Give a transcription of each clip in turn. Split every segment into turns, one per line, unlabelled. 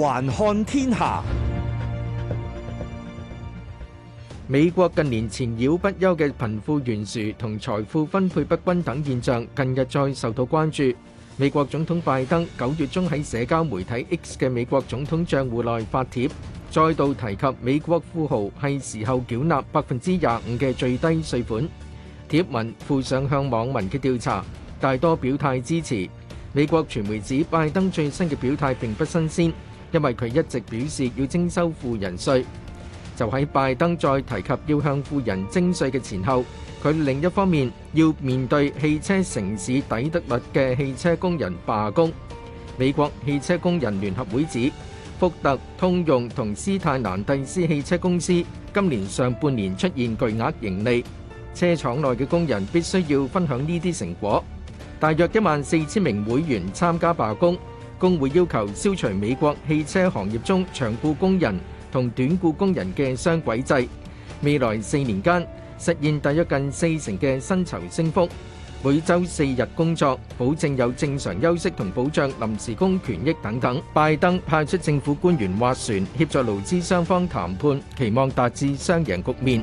環看天下，美國近年纏繞不休嘅貧富懸殊同財富分配不均等現象，近日再受到關注。美國總統拜登九月中喺社交媒體 X 嘅美國總統賬戶內發帖，再度提及美國富豪係時候繳納百分之廿五嘅最低稅款。貼文附上向網民嘅調查，大多表態支持。美國傳媒指拜登最新嘅表態並不新鮮。因為佢一直表示要徵收富人稅，就喺拜登再提及要向富人徵稅嘅前後，佢另一方面要面對汽車城市底特律嘅汽車工人罷工。美國汽車工人聯合會指，福特、通用同斯泰蘭蒂斯汽車公司今年上半年出現巨額盈利，車廠內嘅工人必須要分享呢啲成果。大約一萬四千名會員參加罷工。工會要求消除美國汽車行業中長僱工人同短僱工人的雙軌制，未來四年間實現大約近四成的薪酬升幅、每週四日工作保證有正常休息同保障臨時工權益等等。拜登派出政府官員划船協助勞資雙方談判，期望達至雙贏局面。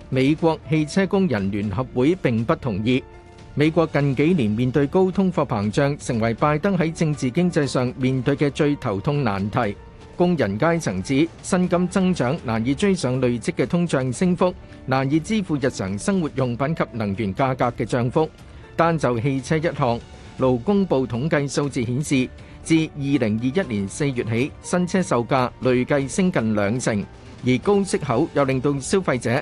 美國汽車工人聯合會並不同意。美國近幾年面對高通貨膨脹，成為拜登喺政治經濟上面對嘅最頭痛難題。工人階層指薪金增長難以追上累積嘅通脹升幅，難以支付日常生活用品及能源價格嘅漲幅。單就汽車一項，勞工部統計數字顯示，自二零二一年四月起，新車售價累計升近兩成，而高息口又令到消費者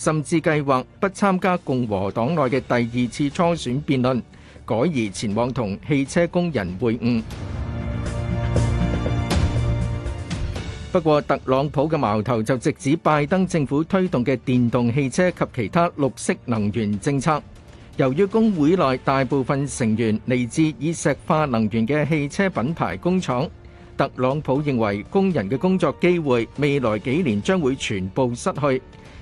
甚至計劃不參加共和黨內嘅第二次初選辯論，改而前往同汽車工人會晤。不過，特朗普嘅矛頭就直指拜登政府推動嘅電動汽車及其他綠色能源政策。由於工會內大部分成員嚟自以石化能源嘅汽車品牌工廠，特朗普認為工人嘅工作機會未來幾年將會全部失去。